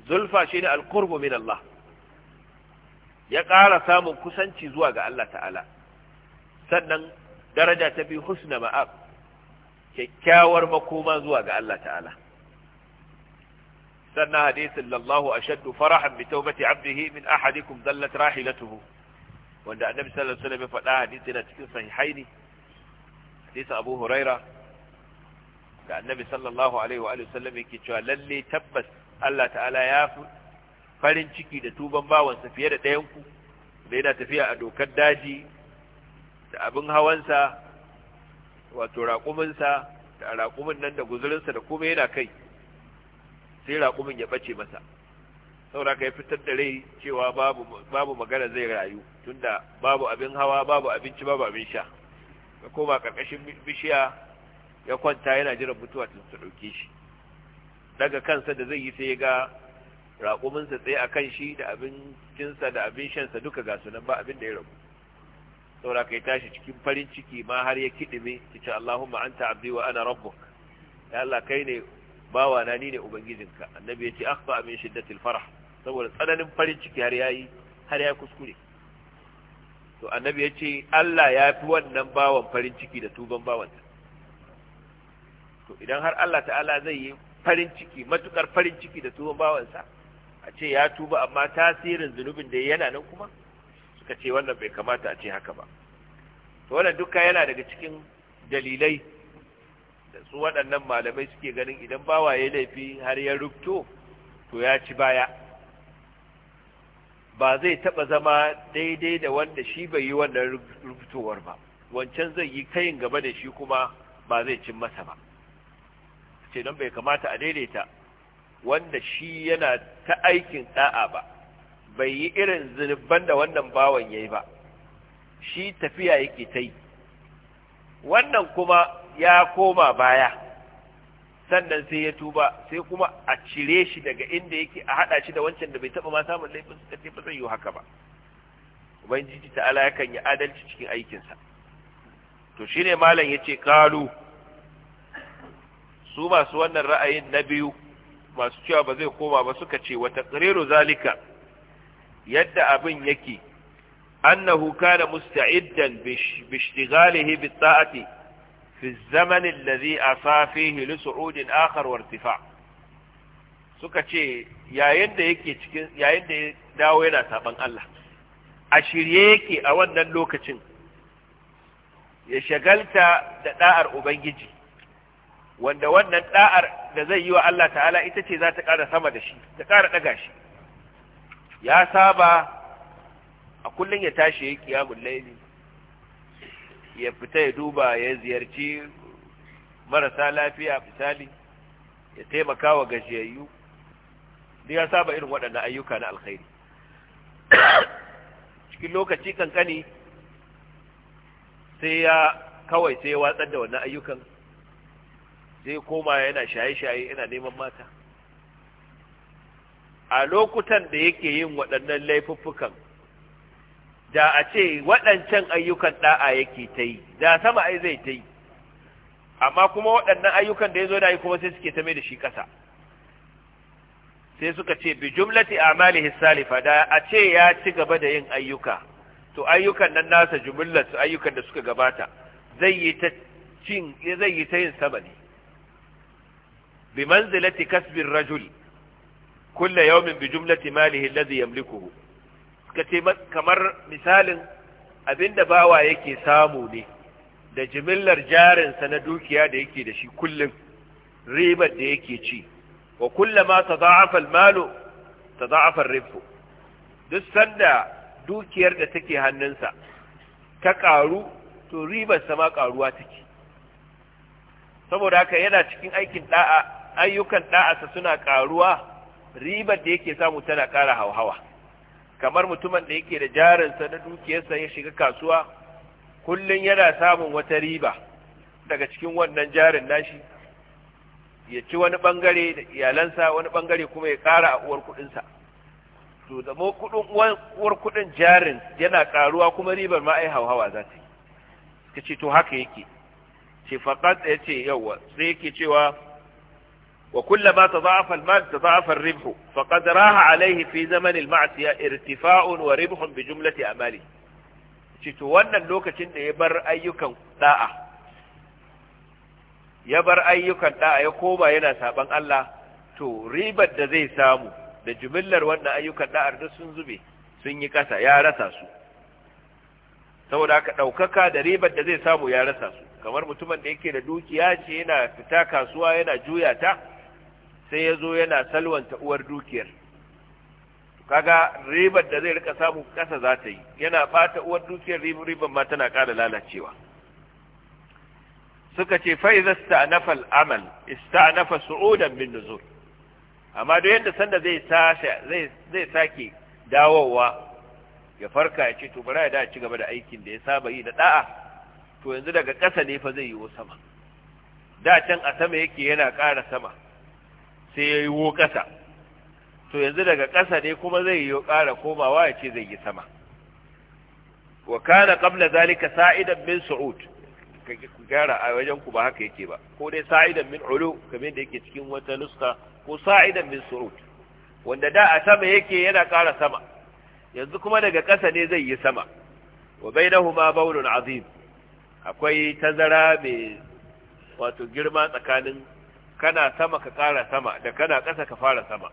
zulfa shine alqurbu min Allah ya ƙara samun kusanci zuwa ga Allah ta'ala sannan daraja ta biyu husna ma'ab kyakkyawar makoma zuwa ga Allah ta'ala sannan hadisin lallahu ashaddu farahan bi taubati abdihi min ahadikum dallat rahilatuhu wanda annabi sallallahu alaihi wasallam ya faɗa hadisi na cikin sahihaini hadisi Abu Huraira da annabi sallallahu alaihi wa alihi wasallam yake cewa lalle tabbas Allah ta'ala ya farin ciki da tuban bawansa fiye da ɗayanku da yana tafiya a dokar daji da abin hawansa wato raƙuminsa da raƙumin nan da guzurinsa da kuma yana kai sai raƙumin ya ɓace masa saboda ka ya fitar da rai cewa babu magana zai rayu tunda babu abin hawa babu abinci babu abin sha ka koma ƙarƙashin bishiya ya kwanta yana jiran mutuwa tun su ɗauke shi daga kansa da zai yi sai ya ga raƙuminsa tsaye a kan shi da abincinsa da abin shansa duka ga sunan ba abin da ya rabu saura kai tashi cikin farin ciki ma har ya kiɗime ce Allahumma anta abdi wa ana rabbuk ya Allah kai ne bawa na ni ne ubangijinka annabi ya ce akhfa min shiddatil farah saboda tsananin farin ciki har yayi har ya kuskure to annabi ya ce Allah ya fi wannan bawan farin ciki da tuban bawansa to idan har Allah ta'ala zai yi farin ciki matukar farin ciki da tuban bawansa a ce ya tuba amma tasirin zunubin da yana nan kuma suka ce wannan bai kamata a ce haka ba to wannan duka yana daga cikin dalilai da su waɗannan malamai suke ganin idan bawa ya laifi har ya rubto to ya ci baya ba zai taɓa zama daidai da wanda shi bai yi wannan rubutowar ba wancan zai yi kayin gaba da shi kuma ba zai cin masa ba ce don bai kamata a daidaita wanda shi yana ta aikin da'a ba bai yi irin zunuban da wannan bawan yayi ba shi tafiya yake ta yi wannan kuma ya koma baya sannan sai ya tuba sai kuma a cire shi daga inda yake a hada shi da wancan da bai taba ma samun laifin su ba zai yi haka ba ubangiji ala yakan yi adalci cikin aikinsa to shine malam ce kalu su masu wannan ra'ayin na biyu masu cewa ba zai koma ba suka ce wata taqriru zalika yadda abin yake annahu kana musta'iddan bi ishtighalihi bi ta'ati fi az-zaman alladhi asa li su'ud akhar wa irtifa' suka ce yayin da yake cikin yayin da ya dawo yana saban Allah a shirye yake a wannan lokacin ya shagalta da da'ar ubangiji wanda wannan da'ar da zai yi wa Allah ta'ala ita ce za ta ƙara sama da shi ta ƙara ɗaga shi ya saba a kullum ya tashi ya kiyamun laili ya fita ya duba ya ziyarci marasa lafiya misali ya taimaka wa gajiyayyu da ya saba irin waɗannan ayyuka na alkhairi cikin lokaci kankani sai ya kawai sai ya watsar da wannan ayyukan Zai koma yana shaye-shaye yana neman mata a lokutan da yake yin waɗannan laifuffukan da a ce waɗancan ayyukan ɗa'a yake ta yi da sama ai zai ta yi amma kuma waɗannan ayyukan da ya zo da yi kuma sai suke ta mai da shi ƙasa sai suka ce bi jumlati amalihi salifa da a ce ya ci gaba da yin ayyuka to ayyukan nan nasa jumlar su ayyukan da suka gabata zai yi ta cin zai yi ta yin sama ne bi manzilati kasbin rajul kulla yawmin bi jumlati malihi alladhi yamlikuhu suka ce kamar misalin abinda bawa yake samu ne da jimillar jarinsa na dukiya da yake da shi kullum ribar da yake ci wa kullama tada'afa al-malu tada'afa ar-ribhu duk sanda dukiyar da take hannunsa ta karu to ribar sa ma karuwa take saboda haka yana cikin aikin da'a ayyukan ɗa'asa suna karuwa ribar da yake samu tana kara hauhawa kamar mutumin da yake da jarinsa na dukiyarsa ya shiga kasuwa kullum yana samun wata riba daga cikin wannan jarin nashi ya ci wani bangare da iyalansa wani bangare kuma ya kara a uwar kuɗinsa to da mo kudin uwar kudin jarin yana karuwa kuma ribar ma ai hauhawa za ta yi kace to haka yake ce faqat yace yawa sai yake cewa وكلما تضاعف المال تضاعف الربح فقد راح عليه في زمن المعصية ارتفاع وربح بجملة أماله شتوانا لوكة يبر أيكا داء يبر أيكا داء يقوم ينا سابن الله to ribar da zai samu da jimillar wannan ayyukan da'ar da sun zube sun yi kasa ya rasa su saboda haka ɗaukaka da ribar da zai samu ya rasa su kamar mutumin da yake da dukiya ce yana fita kasuwa yana juya ta sai ya zo yana salwanta uwar dukiyar kaga ribar da zai rika samu kasa za ta yi yana bata uwar dukiyar ribar ma tana kara lalacewa suka ce fa idza sta'nafa al'amal amal su'udan bin nuzul amma da yadda sanda zai zai zai sake dawowa ya farka ya ce to bari ya da ci gaba da aikin da ya saba yi da da'a to yanzu daga ƙasa ne fa zai yi sama da can a sama yake yana ƙara sama sai ya yi wo ƙasa to yanzu daga ƙasa ne kuma zai yi ƙara komawa ya ce zai yi sama wa kana zalika sa'idan min su'ud ka gyara a wajen ku ba haka yake ba ko dai sa'idan min ulu kamar da yake cikin wata nuska ko sa'idan min su'ud wanda da a sama yake yana ƙara sama yanzu kuma daga ƙasa ne zai yi sama wa bainahuma baulun azim akwai tazara mai wato girma tsakanin kana sama ka ƙara sama da kana ƙasa ka fara sama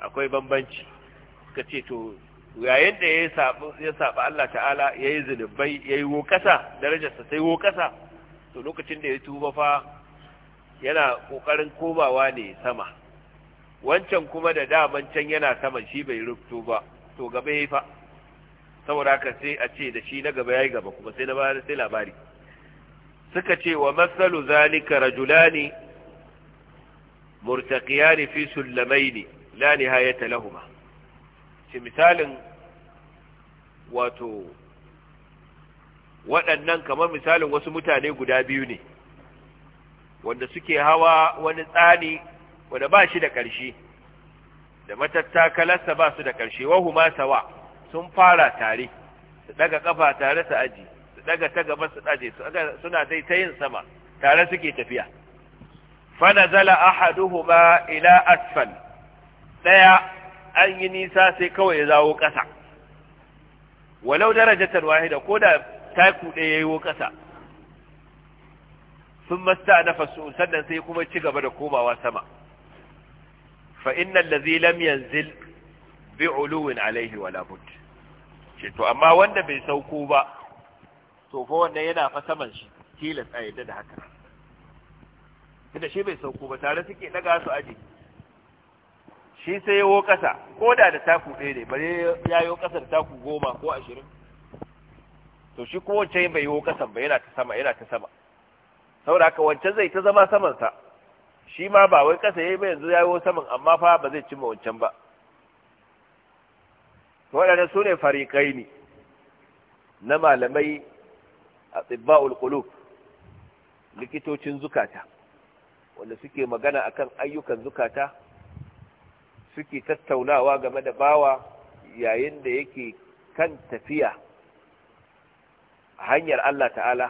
akwai bambanci ka ce to yayin da ya saɓa Allah ta'ala ya yi zunubai ya yi wo ƙasa darajarsa sai wo ƙasa to lokacin da ya tuba fa yana ƙoƙarin komawa ne sama wancan kuma da daman can yana sama shi bai rubto ba to gaba ya fa saboda haka sai a ce da shi na gaba ya yi gaba kuma sai na bayar sai labari suka ce wa matsalu zalika rajulani murtaqiyani fi sullamaini la nihayata lahuma shi misalin wato waɗannan kamar misalin wasu mutane guda biyu ne wanda suke hawa wani tsani wanda ba shi da ƙarshe da matattakalarsa ba su da ƙarshe wahuma sawa sun fara tare su ɗaga ƙafa tare su aji su ɗaga ta gaba su aje suna dai ta yin sama tare suke tafiya fanazala ahaduhuma ila asfal daya an yi nisa sai kawai ya zawo ƙasa walau darajatan wahida ko da taku ɗaya ya yiwo ƙasa sun masta na fasu sannan sai kuma ci gaba da komawa sama fa innal ladhi lam yanzil bi uluwin alaihi wala bud ce to amma wanda bai sauko ba to fa yana fa saman tilas a yadda da haka tunda shi bai sauko ba tare suke daga su aji shi sai yawo kasa ko da da taku ɗaya ne bare ya yawo kasa da taku goma ko ashirin to shi ko wancan bai yawo kasan ba yana ta sama yana ta sama saboda haka wancan zai ta zama samansa shi ma ba wai kasa yayi ba yanzu ya yawo saman amma fa ba zai cimma wancan ba waɗanda su ne farikai ne na malamai a tsibba'ul ƙulub likitocin zukata wanda suke magana akan ayyukan zukata suke tattaunawa game da bawa yayin da yake kan tafiya a hanyar Allah ta'ala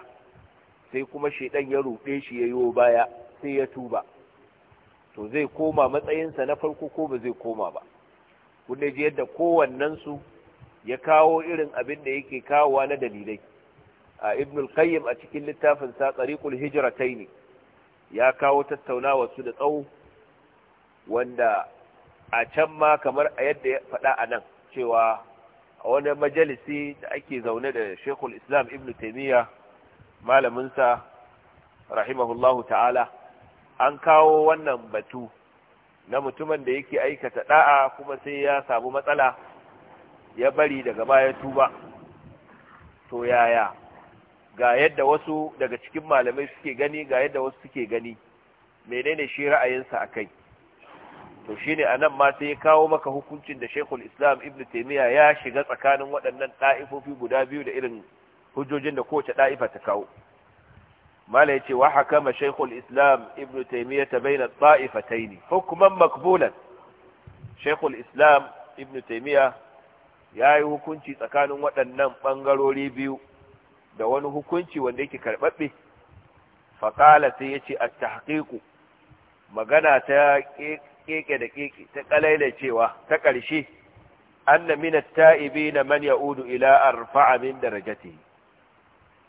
sai kuma shaidan ya ruɗe shi ya yi baya sai ya tuba to zai koma matsayinsa na farko ko ba zai koma ba kunne ji yadda kowannensu ya kawo irin abin da yake kawowa na dalilai a ibnul qayyim a cikin littafin sa tsariqul hijratayn ne ya kawo tattaunawa su da tsawo wanda a can ma kamar a yadda ya faɗa a nan cewa a wani majalisi da ake zaune da shekul islam ibn taimiyya malaminsa rahimahullahu ta'ala an kawo wannan batu na mutumin da yake aikata da'a kuma sai ya samu matsala ya bari daga baya tuba to yaya ga yadda wasu daga cikin malamai suke gani ga yadda wasu suke gani menene shi ra'ayinsa akai to shine anan ma sai ya kawo maka hukuncin da Sheikhul Islam Ibn Taymiyyah ya shiga tsakanin waɗannan da'ifofi guda biyu da irin hujjojin da kowace da'ifa ta kawo mala yace wa hakama Sheikhul Islam Ibn Taymiyyah baina at-ta'ifatayn hukman maqbulan Sheikhul Islam Ibn Taymiyyah ya hukunci tsakanin waɗannan bangarori biyu da wani hukunci wanda yake karɓaɓɓe faƙala sai ya ce a tahqiqu magana ta keke da keke ta kalaila cewa ta ƙarshe anna min at na man ya'udu ila arfa'a min darajatihi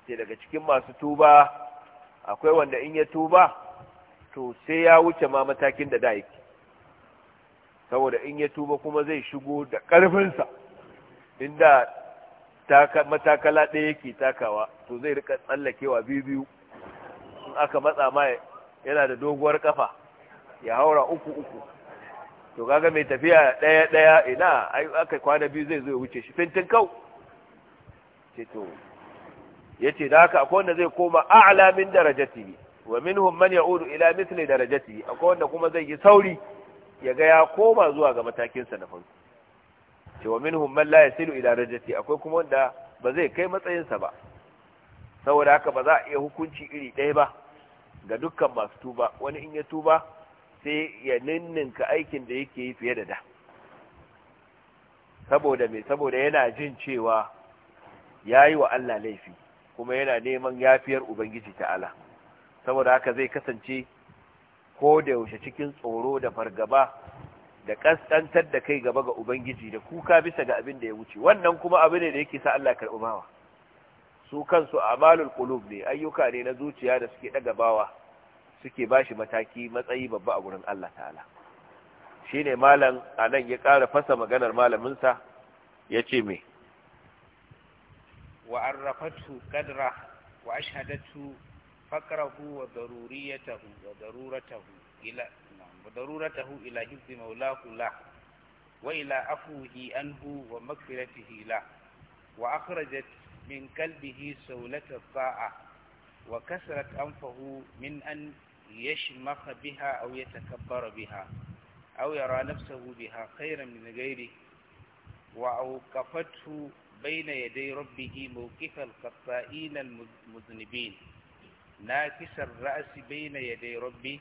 sai daga cikin masu tuba akwai wanda in ya tuba to sai ya wuce ma matakin da da saboda in ya tuba kuma zai shigo da ƙarfinsa inda matakala ɗaya yake takawa to zai rika tsallakewa biyu biyu in aka matsa ma yana da doguwar kafa ya haura uku uku to kaga mai tafiya ɗaya ɗaya ina aka kwana biyu zai zo ya wuce shi fintin kau ce to ya ce da haka akwai wanda zai koma alamin min darajatihi wa minhum man ya'udu ila mithli darajati akwai wanda kuma zai yi sauri ya ga ya koma zuwa ga matakinsa na farko ce wa minhum man la yasilu ila rajati akwai kuma wanda ba zai kai sa ba saboda haka ba za a iya hukunci iri ɗaya ba ga dukkan masu tuba wani in ya tuba sai ya ninninka aikin da yake yi fiye da da saboda me saboda yana jin cewa ya yi wa Allah laifi kuma yana neman yafiyar ubangiji ta'ala saboda haka zai kasance ko da yaushe cikin tsoro da fargaba da kaskantar da kai gaba ga ubangiji da kuka bisa ga abin da ya wuce wannan kuma abu ne da yake sa Allah karɓi bawa su kansu amalul qulub ne ayyuka ne na zuciya da suke daga bawa suke bashi mataki matsayi babba a gurin Allah ta'ala shine malam anan ya ƙara fasa maganar malamin sa yace me wa arrafatu qadra wa ashhadatu faqrahu wa daruriyatahu wa daruratahu ila وضرورته إلى حفظ مولاه له وإلى عفوه عنه ومغفرته له وأخرجت من قلبه سولة الطاعة وكسرت أنفه من أن يشمخ بها أو يتكبر بها أو يرى نفسه بها خيرا من غيره وأوقفته بين يدي ربه موقف الخطائين المذنبين ناكس الرأس بين يدي ربه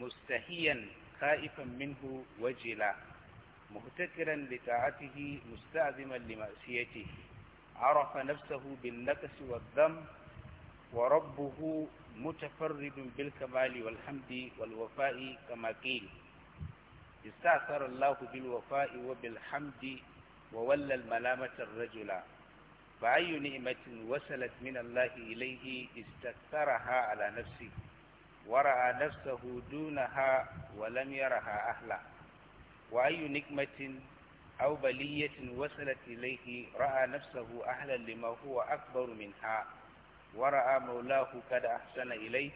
مستهيا خائفا منه وجلا مهتكرا لطاعته مستعظما لمعصيته عرف نفسه بالنقص والذم وربه متفرد بالكمال والحمد والوفاء كما قيل استعثر الله بالوفاء وبالحمد وولى الملامة الرجل فأي نعمة وصلت من الله إليه استكثرها على نفسه ورأى نفسه دونها ولم يرها أهلا وأي نكمة أو بلية وصلت إليه رأى نفسه أهلا لما هو أكبر منها ورأى مولاه قد أحسن إليه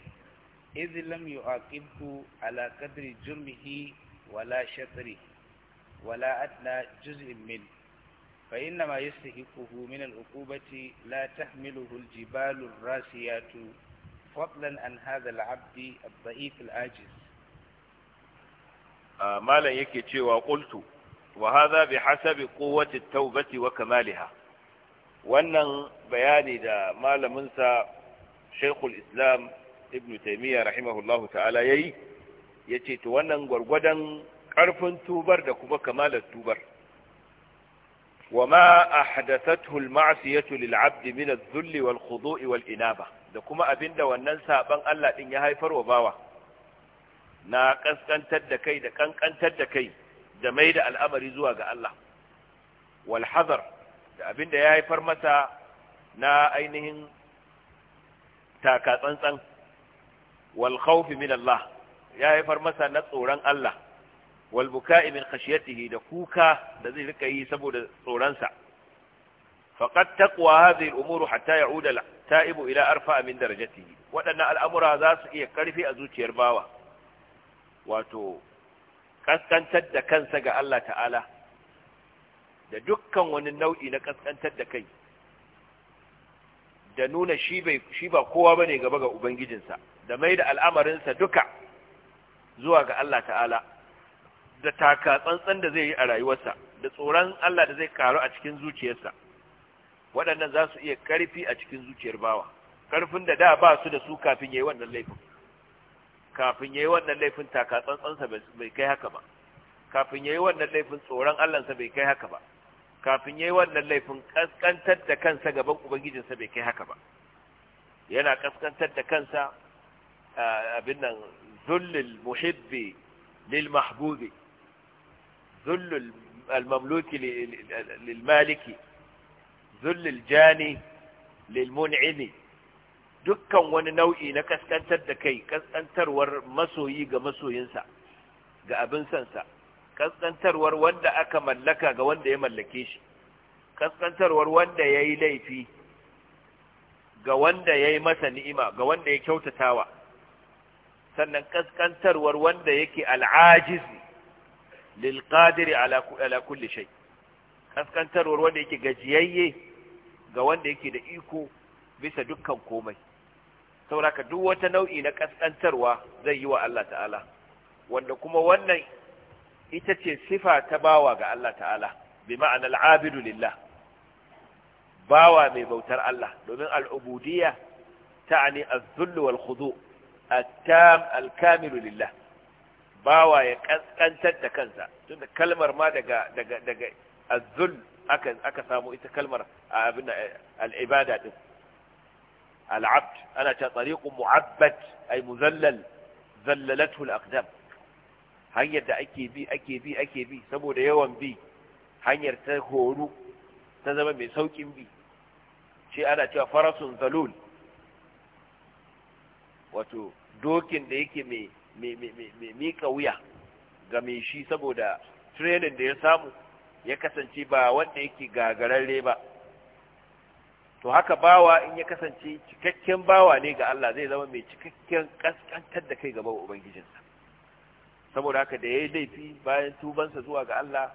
إذ لم يعاقبه على قدر جرمه ولا شطره ولا أدنى جزء منه فإنما يستحقه من العقوبة لا تحمله الجبال الراسيات فضلا عن هذا العبد الضعيف العاجز آه، ما لن يكتشي وقلت وهذا بحسب قوة التوبة وكمالها وانا بيان ذا ما لم شيخ الإسلام ابن تيمية رحمه الله تعالى يي يتيت وأن قرقدا عرف توبر دكما كمال التوبر وما أحدثته المعصية للعبد من الذل والخضوء والإنابة da kuma abin da wannan saban Allah ɗin ya haifar wa bawa na ƙasƙantar da kai da ƙanƙantar da kai da mai da al'amari zuwa ga Allah walhazar da abin da ya haifar masa na ainihin taka tsantsan walhaufi min Allah ya haifar masa na tsoron Allah walbuka'i min khashiyatihi da kuka da zai rika yi saboda tsoronsa faqad taqwa hadhihi umuru hatta ya'uda ta'ibu ila arfa min darajati waɗannan al'amura za su iya karfi a zuciyar bawa wato kaskantar da kansa ga Allah ta'ala da dukkan wani nau'i na kaskantar da kai da nuna shi ba kowa bane gaba ga ubangijinsa da mai da al'amarinsa duka zuwa ga Allah ta'ala da taka tsantsan da zai yi a rayuwarsa da tsoron Allah da zai karu a cikin zuciyarsa waɗannan za su iya ƙarfi a cikin zuciyar bawa ƙarfin da da ba su da su kafin yayi wannan laifin kafin yayi wannan laifin taka tsantsansa bai kai haka ba kafin yayi wannan laifin tsoron Allahnsa bai kai haka ba kafin yayi wannan laifin kaskantar da kansa gaban ubangijinsa bai kai haka ba yana kaskantar da kansa abin nan zullul muhibbi lil mahbubi zullul al mamluki lil maliki zullil jani lil mun'imi dukkan wani nau'i na kaskantar da kai kaskantarwar masoyi ga masoyinsa ga abin sansa kaskantarwar wanda aka mallaka ga wanda ya mallake shi kaskantarwar wanda ya yi laifi ga wanda ya yi masa ni'ima ga wanda ya kyautatawa sannan kaskantarwar wanda yake al'ajiz lil qadiri ala kulli shay kaskantarwar wanda yake gajiyayye ga wanda yake da iko bisa dukkan komai sauraka duk wata nau'i na kaskantarwa zai yi wa Allah ta'ala wanda kuma wannan ita ce sifa ta bawa ga Allah ta'ala bi ma'ana abidu lillah bawa mai bautar Allah domin al'ubudiya ta'ani az-zull lillah bawa ya kaskantar da kansa tunda kalmar ma daga daga aka aka samu ita kalmar abin al-ibada din al-abd ana ta tariqun mu'abbad ay muzallal zallalathu al-aqdam hanyar da ake bi ake bi ake bi saboda yawan bi hanyar ta horu ta zama mai saukin bi ce ana cewa farasun zalul wato dokin da yake mai mika wuya ga mai shi saboda training da ya samu ya kasance ba wanda yake gagararre ba to haka bawa in ya kasance cikakken bawa ne ga Allah zai zama mai cikakken kaskantar da kai gaban ubangijinsa saboda haka da yayi laifi bayan tubansa zuwa ga Allah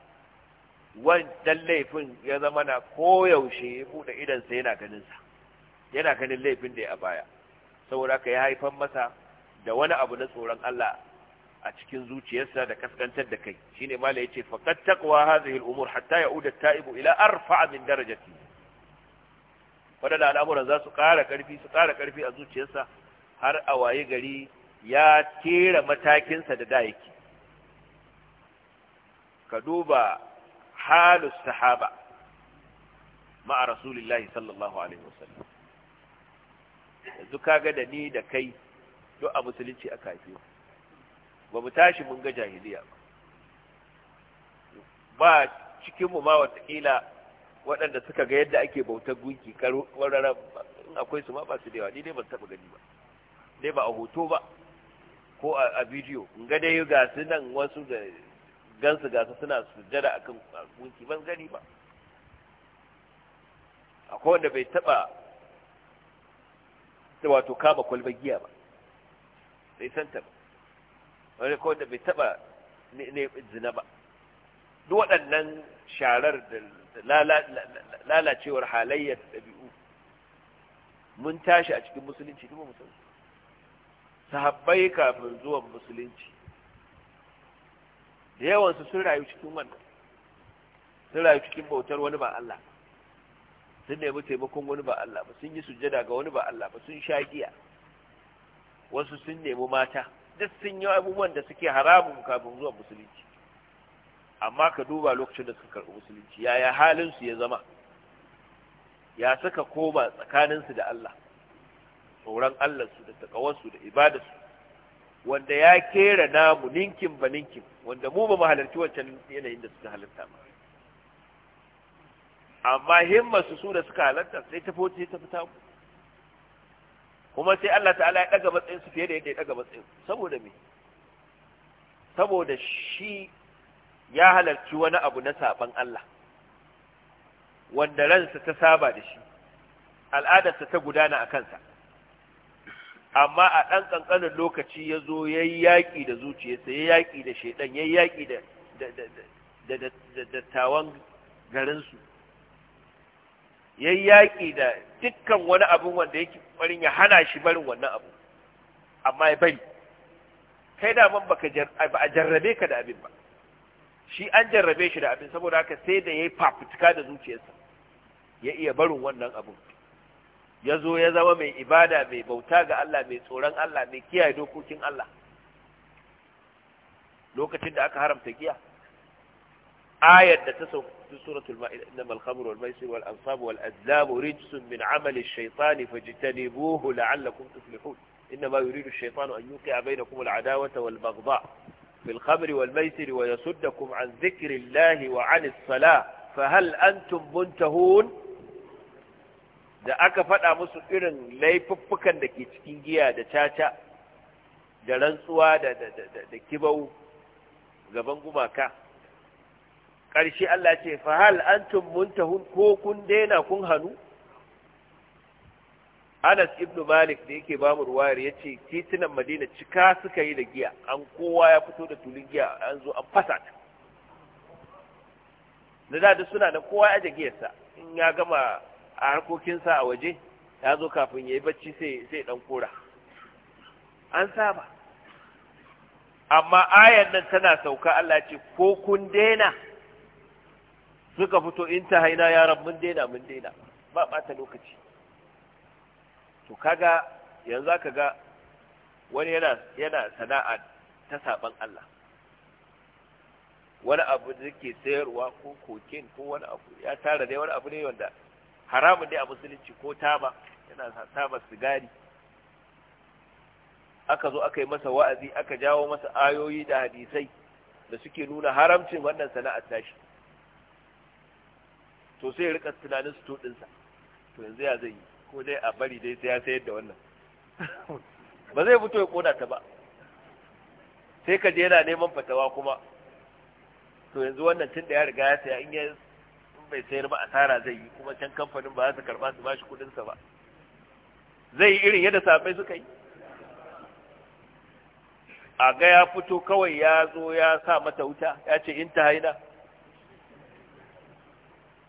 dan laifin ya zama na koyaushe ya buɗe sa yana ganinsa yana ganin laifin da ya a baya saboda haka ya haifan masa da wani abu na tsoron Allah a cikin zuciyarsa da kaskantar da kai shi shine mala ya ce taqwa hadhihi al-umur hatta ya'uda uda taibu ila arfa min darajati wadanda al'amuran za su ƙara ƙarfi su ƙara ƙarfi a zuciyarsa har a waye gari ya tera matakinsa da da yake ka duba halus sahaba ma'a rasulillahi sallallahu alaihi wasallam yanzu kaga da ni da kai duk a musulunci a haife ba mu tashi mun ga jahiliya ba ba cikinmu ma watakila waɗanda suka ga yadda ake bautar gunki in akwai su ma ba su da yawa ni dai ban taɓa gani ba dai ba a hoto ba ko a bidiyo in ga dai ga su nan wasu da gansu gasu suna sujjada akan gunki ban gani ba akwai wanda bai taba wato kama kwalbar giya ba sai santa ba wani ko da bai taba ne zina ba duk waɗannan sharar da lalacewar halayyar ɗabi'u mun tashi a cikin musulunci duk musulunci sahabbai kafin zuwan musulunci da yawansu sun rayu cikin wannan sun rayu cikin bautar wani ba Allah sun nemi taimakon wani ba Allah ba sun yi sujjada ga wani ba Allah ba sun sha giya wasu sun nemi mata duk sun yi abubuwan da suke haramun kafin zuwa musulunci amma ka duba lokacin da suka karɓi musulunci yaya halinsu ya zama ya suka koma tsakaninsu da Allah tsoron Allahnsu da takawarsu da ibadarsu wanda ya kera namu ninkin ba ninkin wanda mu ba mu halarci wancan yanayin da suka halitta ba amma himmarsu su da suka halarta sai ta foce ta fita ku kuma sai Allah ta'ala ya daga matsayin fiye da yadda ya daga matsayin saboda me saboda shi ya halarci wani abu na saban Allah wanda ransa ta saba da shi al'adarsa ta gudana a kansa amma a ɗan ƙanƙanin lokaci ya zo ya yi yaƙi da zuciyarsa ya yaƙi da shaiɗan, ya yaƙi da dattawan garinsu yayi yaƙi da dukkan wani abu wanda yake ƙwarin ya hana shi barin wannan abu amma ya bari kai da man ba a jarrabe ka da abin ba shi an jarrabe shi da abin saboda haka sai da ya yi fafutuka da zuciyarsa ya iya barin wannan abin ya zo ya zama mai ibada mai bauta ga Allah mai tsoron Allah mai kiyaye dokokin Allah lokacin da aka haramta giya آية تسوق في سورة المائدة إنما الخمر والميسر والأنصاب والأزلام رجس من عمل الشيطان فاجتنبوه لعلكم تفلحون إنما يريد الشيطان أن يوقع بينكم العداوة والبغضاء في الخمر والميسر ويصدكم عن ذكر الله وعن الصلاة فهل أنتم منتهون da أكفت faɗa musu irin laifuffukan da ke cikin giya da caca da rantsuwa da kibau gaban gumaka ƙarshe Allah ce fa hal antum muntahun ko kun daina kun hannu Anas ibn Malik da yake bamu ruwayar ce titunan Madina cika suka yi da giya an kowa ya fito da tulin giya an zo an fasa ta da da suna da kowa ya sa in ya gama a harkokinsa a waje ya zo kafin ya yi bacci sai sai dan kora an saba amma ayan nan tana sauka Allah ce ko kun daina suka fito in ta haina yaran mun daina mun daina ba ɓata lokaci to kaga yanzu aka ga wani yana yana sana'a ta saban Allah wani abu da yake sayarwa ko kokin ko wani abu ya tara dai wani abu ne wanda haramun ne a musulunci ko taba yana taba sigari aka zo aka yi masa wa'azi aka jawo masa ayoyi da hadisai da suke nuna haramcin wannan sana'ar tashi to sai rika tunanin su tudinsa to yanzu ya zai ko dai a bari dai sai ya sayar da wannan ba zai fito ya koda ta ba sai ka je yana neman fatawa kuma to yanzu wannan tun da ya riga ya saya in ya bai sayar ba asara zai yi kuma can kamfanin ba za su karba su bashi kuɗinsa ba zai yi irin yadda safai suka yi a ga ya fito kawai ya zo ya sa mata wuta ya ce in ta haina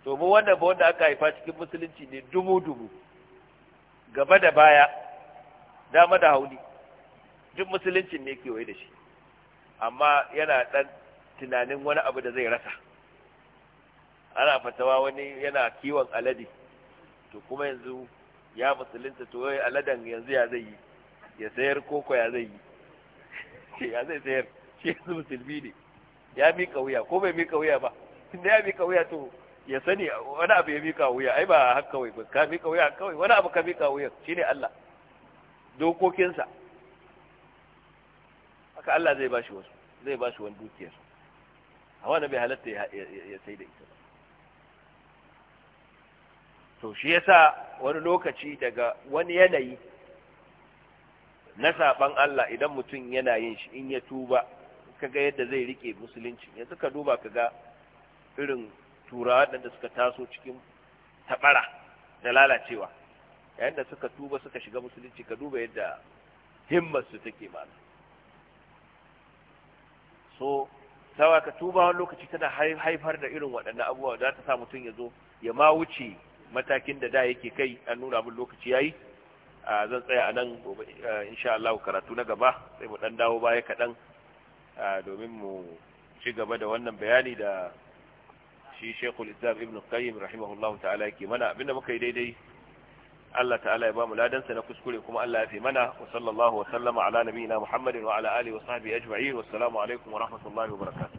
domin wannan ba wanda aka haifa cikin musulunci ne dubu-dubu gaba da baya dama da hauli duk musuluncin ne kewaye da shi amma yana ɗan tunanin wani abu da zai rasa ana fatawa wani yana kiwon alade to kuma yanzu ya musulunta to yau aladen yanzu ya zai yi ya sayar koko ya zai yi ya zai sayar shi yanzu musulmi ne ya miƙa wuya ko bai miƙa wuya ba inda ya miƙa wuya to ya sani wani abu ya mika wuya ai ba haka kawai ba ka mika wuya kawai wani abu ka mika wuya shine Allah dokokinsa haka Allah zai bashi wasu zai bashi wani dukiyar a wani bai halatta ya sai da ita ba to shi yasa wani lokaci daga wani yanayi na saban Allah idan mutum yana yin shi in ya tuba kaga yadda zai rike musulunci yanzu ka duba kaga irin turawa waɗanda suka taso cikin taɓara da lalacewa yayin da suka tuba suka shiga musulunci ka duba yadda himmarsu take mana so sawa ka tuba wani lokaci tana haifar da irin waɗannan abubuwa za ta sa mutum ya zo ya ma wuce matakin da da yake kai an nuna min lokaci yayi zan tsaya a nan gobe insha Allah karatu na gaba sai mu dan dawo baya kaɗan domin mu ci gaba da wannan bayani da shi shekul islam ibn qayyim rahimahullahu ta'ala yake mana abinda muka yi daidai Allah ta'ala ya bamu ladan sa na kuskure kuma Allah ya fi mana wa sallallahu wa sallama ala nabiyina muhammadin wa ala alihi wa sahbihi ajma'in wassalamu alaikum wa rahmatullahi wa barakatuh